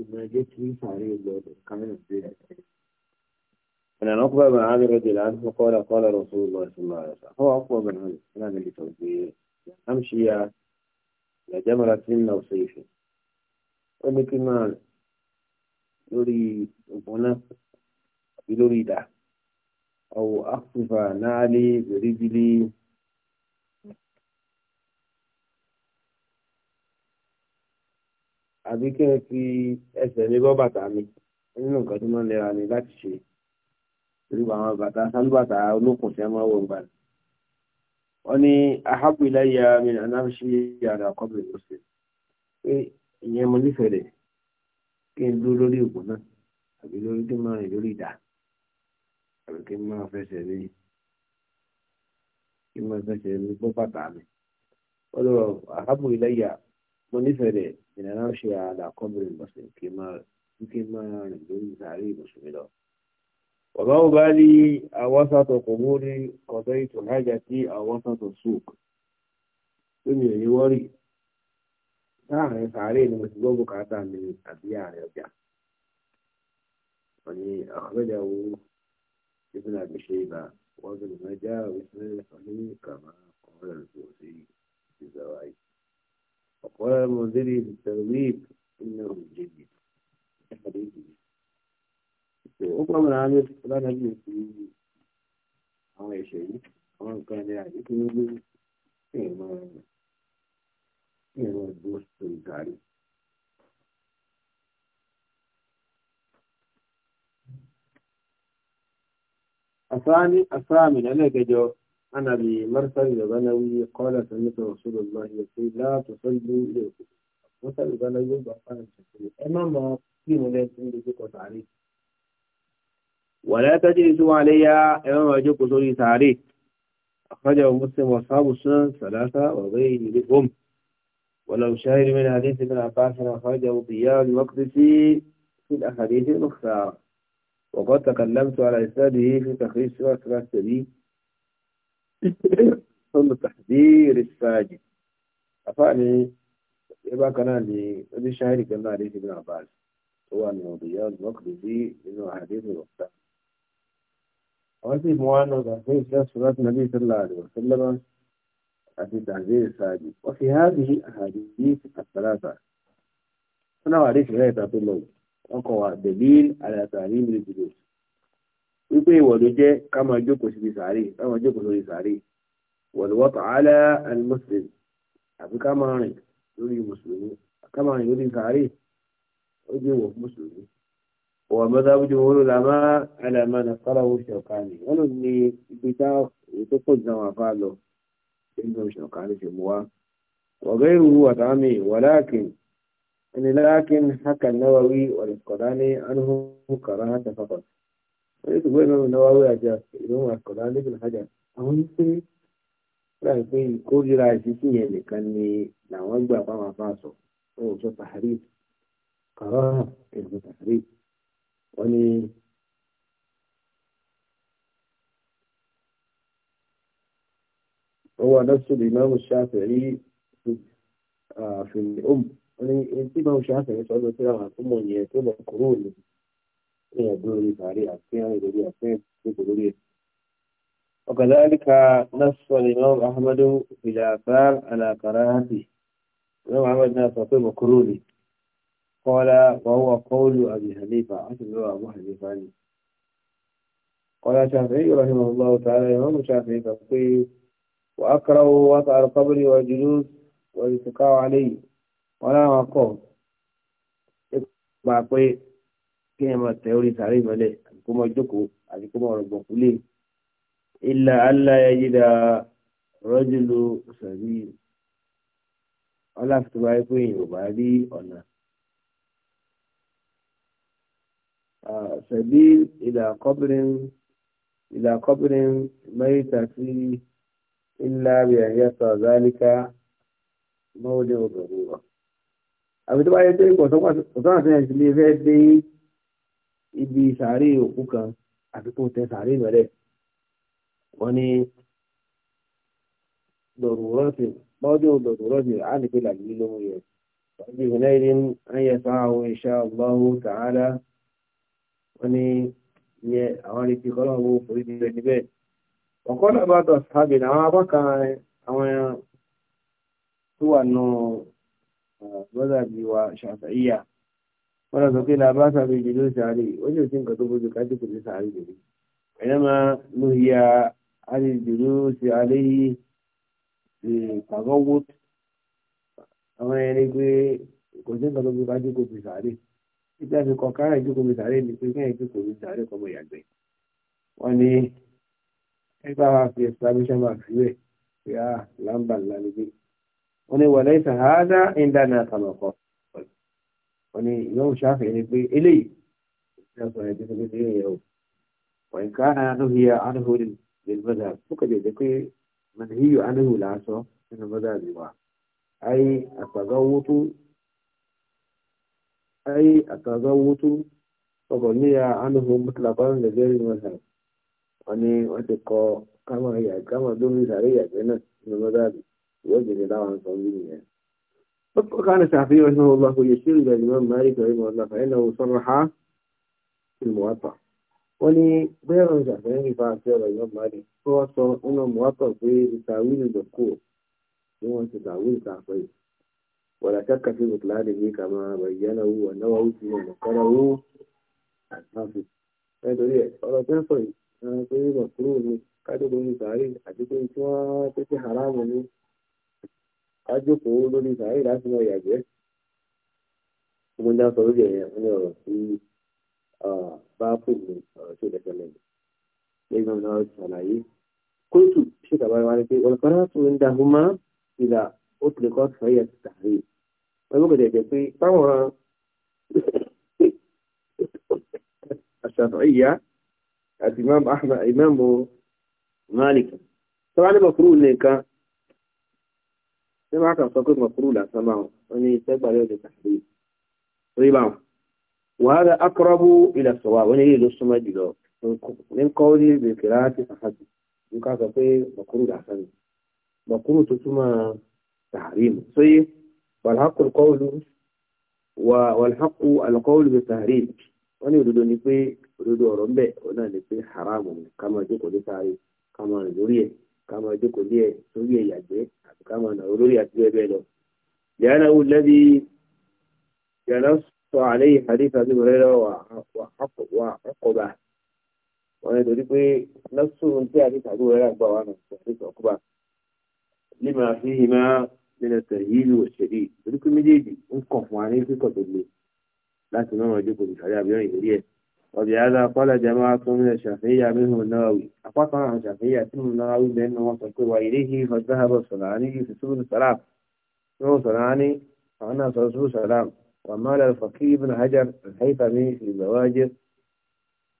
ìmọ̀lẹ́ kí sàárè lọ́dọ̀ káyọ̀ sí ẹ̀. أنا عقبة بن عامر رضي عنه قال قال رسول الله صلى الله عليه وسلم هو أقوى بن عامر كان اللي توجيه أمشي لجمرة أو صيف ولكن ما لوري هنا بلوري ده أو أخفف نعلي برجلي àbí kí n fi ẹsẹ̀ lé bọ́ bàtà mi nínú nǹkan tó máa ń lera mi láti ṣe torí àwọn bàtà sálúbàtà olókùn tí a máa wọ ìgbà ni. wọ́n ní ahabu ilayya min anáfíṣí yàrá kọ́bìrì lọ́sẹ̀ pé ìyẹn mo nífẹ̀ẹ́ rẹ̀ kí n dúró lórí òkú náà àbí lórí kí n máa rìn lórí ìdá àbí kí n máa fẹsẹ̀ rí kí n máa fẹsẹ̀ rí bọ́ bàtà mi. wọ́n lọ ahabu ilayya mo nífẹ̀ẹ́ rẹ̀ ìnana ṣe àdàkọ́bìnrin mùsùlùmí kì í máa kí máa rìn lórí sàárè mùsùlùmí lọ. bàbá ò bá rí awọ́sàtọ̀ kò mú rí ọ̀dọ́ ètò hájà sí awọ́sàtọ̀ sùk lómi ò ní wọ́rì láàrin sàárè ni mo ti gbọ́ bùkátà mi àbí ààrẹ ọjà. wọ́n ní àkọ́bẹ̀dẹ̀ wo ibùdó àgbèṣe ibà wọ́n ti lè máa já òṣèlú ẹ̀fọ́ ní kàmá ọ̀rẹ́ rẹ̀ tó ṣe ìgbéga wáyé. وقال المنذري في التغليب إنه جيد حديثي أقرأ من عامل لا نجد في أو شيء أو كان يعني يقول إيه ما إيه ما دوست التعريف الثاني الثامن عليك جو عن أبي مرثد البنوي قال سمعت رسول الله يقول لا تصلوا إلى القبور البنوي الغنوي بقى إمام في مدينة بيقول عليه ولا تجلسوا عليها إمام يجوك سوري تعريف أخرجه مسلم وأصحاب السنن ثلاثة وغيرهم ولو شاهد من حديث ابن عباس أخرجه ضياء المقدسي في الأحاديث المختارة وقد تكلمت على إسناده في تخريج سورة سبيل sọ́nù tàbíìrì sáàjì àfáàní ẹgbẹ́ kan náà ni oníṣáírì kan náà lẹ́sìn ní àbáàlì tó wà ní ọ̀dùnyá ọ̀dùnmọ́kùnrin sí nínú àdéhùn ọ̀tá. àwọn sì mú wa náà gbàgbé ìṣẹ́ sọ́nà tí nàbí sọ́nà àdéhùn sọ́nà àti tàbíìrì sáàjì wọ́n fi há bí àdéhùn àtàlàtà sọ́nà àdéhùn rẹ̀ tàbí lọ́wọ́ wọ́n kọ̀ wá dẹ̀líl àlàtà ní mìíràn wípé ìwọ̀ ló jẹ́ ká máa jókòó síbi sàárè ká máa jókòó lórí sàárè wọ̀lúwọ́tọ̀ alá alimuslim àfi ká máa rìn lórí mùsùlùmí ká máa rìn lórí sàárè ó jẹ́ ìwọ̀ mùsùlùmí. wọ́n mọ́tàbí ju wọn lọ́la má àlàmà nà sáláwó ṣọ̀kánì wọ́n lò ní ibi tá èyí tó pọ̀ jù àwọn afá lọ nínú ṣọ̀kánì ṣe mú wa. wọ̀gẹ́ ìrù àtàmì wàláàkìn ẹni láàkìn hákàn náwáwí wàlẹ̀kọ̀dá ní anúhùn kàrá hàn onye ti gbọ́ ìmọ̀ ìnáwó àjà ìnáwó àkọ́lá lẹ́gbẹ̀ẹ́ àjà àwọn yìí pé wọ́n rà pé ìkórira ìṣísí yẹn na ni làwọn gbà fáwọn afáàsọ wọn ò sọ tàhárí kàrọ́ ẹ̀sùn tàhárí wọ́n onye هو نفس الإمام الشافعي في, na في الأم. أنا إنتي kéèyàn dúró lórí sàárè àti kéèyàn lórí àfẹ́ ìdókòó lórí ẹ̀. وكذلك نص الإمام أحمد في الآثار على كراهته الإمام أحمد نص في مكروه قال وهو قول أبي حنيفة أصل هو أبو حنيفة قال الشافعي رحمه الله تعالى الإمام الشافعي تقول وأكره وضع القبر والجلوس والاتقاء عليه ولا مقوم. Gbàgbé kí ẹ máa tẹ orí sàárè mọ́lẹ̀ àti kó máa jókòó àti kó máa rọ̀gbọ̀n kúlẹ̀ ilà aláyẹyẹdà rọ́jùlù sàbí ọláfitúbà pé yorùbá rí ọ̀nà sàbí ilà kọ́bìrín ilà kọ́bìrín mẹ́rìndà sí ilà bìyànjẹ́sọ̀ zálíkà mọ́wọ́dé obìnrin wa àbí tó bá yẹ pé kò àti ẹ̀sìn lè fẹ́ dé ibi sàárè òkú kan àti kó tẹ sàárè mẹ́rẹ̀ wọ́n ní dọ̀rùrọ́tì lọ́jọ́ dọ̀rùrọ́tì àdìpé làbí ló mú yẹ wọ́n ní ìrìnlẹ̀ ayẹ fa àwọn iṣẹ́ ọlọ́run tààdá wọ́n ní yẹ àwọn arìnrìn kọ́lọ́ owó orí ti rẹ̀ níbẹ̀ náà bá tọ̀ sábì àwọn apá kan àwọn tó wà nù bọ́dà uh, bíi wa ṣàfẹ́yà wọ́n lọ sọ pé làbá sàbí ìjì ló sàárè ó ní òsín nǹkan tó bójú ká jòkó ní sàárè lórí ẹ̀yà máa ló ya àlejò ló ṣe alẹ́ yìí pàgọ́ wó àwọn ẹni pé kò sí nǹkan tó bójú ká jòkó ní sàárè títí àfi kọ kára ìjókòó mi sàárè ní pé káyà ìjókòó mi sàárè kọmọ ìyàgbẹ́ wọn ni ẹgbẹ́ àwọn àfi ẹsàbíṣàn máa fi wẹ pé a làǹbà ńlá nígbè wọn ni wọlé wọ́n ní ìyọ́wò ṣáfẹ̀ ni pé eléyìí ṣe ń sọ ẹ̀jẹ̀ tó gbé yẹn o wọ́n ń ká anuhiya anuhu lil madhhab tó kẹ̀jẹ̀ jẹ́ pé manhiyu anuhu là á sọ nínú madhhab wa ayé àtàgáwótó ayé àtàgáwótó ọkọ̀ níyà anuhu mọ́tàlápá lẹ́gbẹ̀rẹ̀ madhhab wọ́n ní wọ́n ti kọ kámọ̀ lórí sàrí ìyàgbẹ́ náà nínú madhhab ìwọ́jẹ̀ ni láwọn sọ nínú yẹn. وكان الشافعي رحمه الله يشير إلى الإمام مالك رحمه الله فإنه صرح في الموطأ ولي بيض الشافعي فأكثر الإمام مالك هو صرح أنه موطأ في تاويل المذكور هو تاويل تعطيه ولا شك في بطلانه كما بينه ونوه فيما ذكره الحافظ nítorí ọ̀rọ̀ tí wọ́n sọ yìí pé mọ̀kúrò ni kádùgbò ní sàárè àti pé tí wọ́n pé á jókòó lórí sàárè láti mọ ìyàgbẹ́ gbogbo ní aṣọ lórí ẹ̀yẹ ní ọ̀rọ̀ sí báàpù ní ọ̀rọ̀ tí ò lẹ́sẹ̀ lẹ́yìn lẹ́yìn náà náà ṣàlàyé kóòtù ṣèkàbá wa ni pé ọ̀lùkọ́rá tó ń dààmú má ìlà ó tilẹ̀ kọ́ sọ́yẹ̀ sàárè wọ́n gbọ́dọ̀ jẹ́ pé báwọn àṣàtọ̀yà àti imam ahmed imam malik tọ́wá ní bàkúrú nìkan ṣé bá kàn sọ pé mọ̀kúrú làásán bá wọn wọn ní iṣẹ́ gbàlẹ́ òde tàbí orí bá wọn. wàhálà akọrọ́bù ilẹ̀ sọ̀wá wọn ní ilé ló súnmọ́ jùlọ ní kọ́ ó ní bèkìrá ti sàhàjì ní ká sọ pé mọ̀kúrú làásán ni mọ̀kúrú tó túmọ̀ tàhárìmù sóyè wàlhákù kọ́ọ̀lù wàlhákù alkọ́ọ̀lù bẹ tàhárìmù wọn ní òdodo ni pé òdodo ọ̀rọ̀ ń bẹ̀ wọn náà ni pé káwọn ọ̀nà olórí àti bẹ́ẹ̀ bẹ́ẹ̀ lọ. yàrá wù lẹ́bi yàrá sọ àlẹ́ ìhàdíf àti mọ̀rẹ́rẹ́ wà ọkọ̀bà wọ́n yẹn torí pé lọ́sùn tí àti tàbí mọ̀rẹ́rẹ́ àgbà wà nà àti ọkọ̀bà lima fi hima nínú tẹ̀yìlì òṣèlú torí pé méjèèjì ń kọ̀ fún wa ní kíkọ̀ tó le láti mọ̀ ọ́n ọjọ́ kò وبهذا قال جماعة من الشافعية منهم النووي أقطع عن الشافعية منهم النووي بأنه وصلت وإليه فذهب الصنعاني في سبل السلام هو صنعاني فأنا صلصه السلام ومال الفقيه بن حجر الحيثمي في زواجر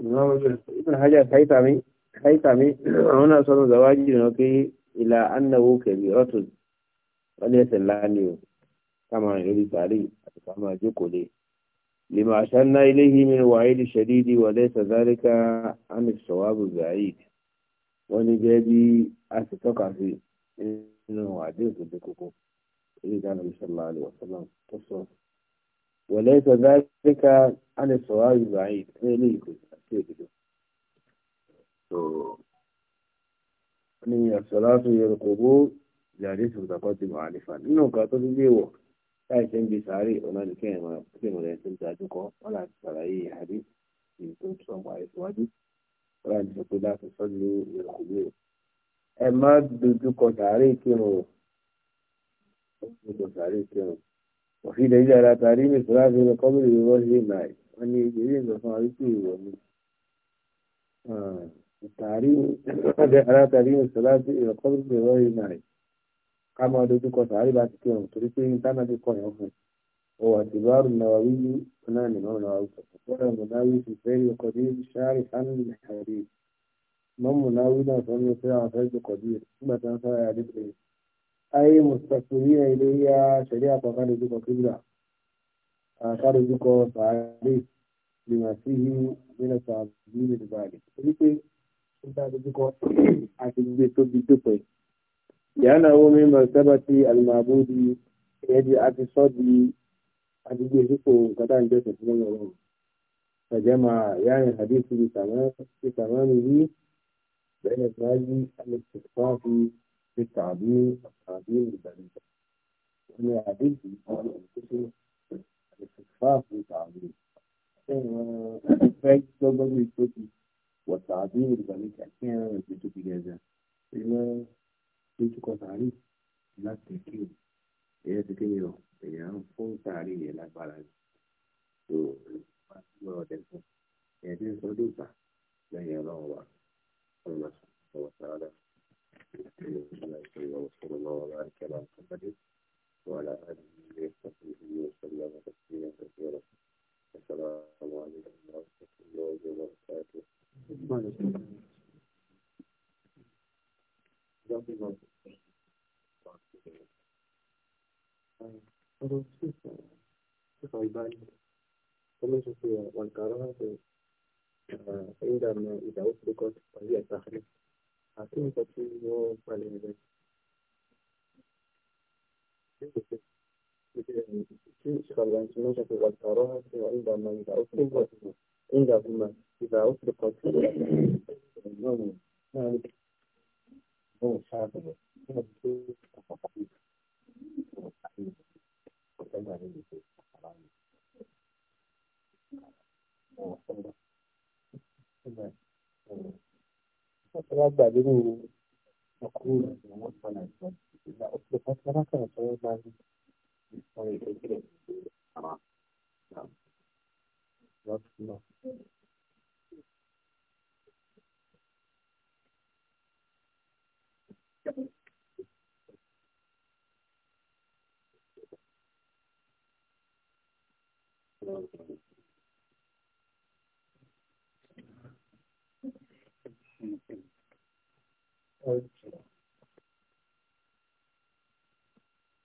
ابن حجر الحيثمي الحيثمي هنا صلوا زواجر نوكي إلى أنه كبيرة وليس اللعنة كما يريد عليه كما يقول لما أشرنا إليه من الوعيد شديد وليس ذلك عن الصواب البعيد ونجابي أتتقع فيه إنه عديد بككو إذا إيه النبي صلى الله عليه وسلم تصرف وليس ذلك عن الصواب البعيد إليه كده ní àṣọ́láṣọ́ yẹ̀rọ̀ kò bó jàdé ṣùgbọ́n tàbí àlefà nínú ọ̀gá tó láì ṣe ń bi sàárè ọ̀nàdì kẹ́yìn máa kéèyàn rẹ̀ tó ń dájú kọ́ wọ́n láti ṣàlàyé àdé èyí tó ń sọ ọmọ àyè síwájú wọ́n láti sọ pé láti sọ́jú ìrànwọ́ o. ẹ má dojú kọ sàárè kírun o dojú kọ sàárè kírun òfin ilẹ̀ ilẹ̀ ara tàrí ní ìfúra fi ní kọ́mílì ìwọ́ sí wọ́n ní eré ìlọ fún arípò ìwọ̀ ni. tàrí ní ara tàrí ní kọ́mílì ìwọ́ sí ká máa dojú kọ sàárì bá ti kírun torí pé ìtànà ti kọyàn fún ọ wà tí bá rùn náà wí yí náà ní mọ́mù náà wí sọ̀tọ̀ fọ́nà mọ̀náwí sì fẹ́ẹ́ ọkọ̀ dé sáré sánú ní àárí mọ́mù náà wí náà sọ ní pé àwọn fẹ́ẹ́ ọkọ̀ dé nígbà tí wọ́n sọ ayé àdé pé ayé mùsùlùmí ilé yá ṣẹlẹ̀ àkọ́kọ́ dojú kọ kíbla àká kọ sàárè lèmà sí i nínú sàárè nínú لأنه من مرتبة المعبود يجب اعتصادي حديث يشوفه قطع البيت سبحان الله فجمع يعني الحديث بتمامه بين إخراج في التعبير والتعبير بالبريد وأن الحديث يقول القسم الاستخفاف بالتعبير فايد دوبل والتعبير بالبريد أكيد بيتو بجازة lójú kan sàárì láti kí o èyẹ ti kí ni o èyàn ń fún sàárì yẹn lágbára ni tó bá ti lọ ọdẹ fún èyàn ti ń sọ dùgbà lẹ́yìn Ọlọ́run wa ọlọmọ sọ wọ sàrádà وعلى آله عندما إذا أطلقت فهي تخرج لكن تطير فلذة والكراهة عندما إذا أطلقت عندهما إذا أطلقت النوم ذلك هو شاذ وصحيح وصحيح وصحيح wá gbà lérò ọkùnrin àti àwọn ọ̀sán àìsàn ìgbà ọ̀pọ̀ pátá látàrí sọ́wọ́ bá rí ìsọ̀rọ̀ ìgbẹ́jìlẹ̀ àwọn lọ́tún náà. Thank you.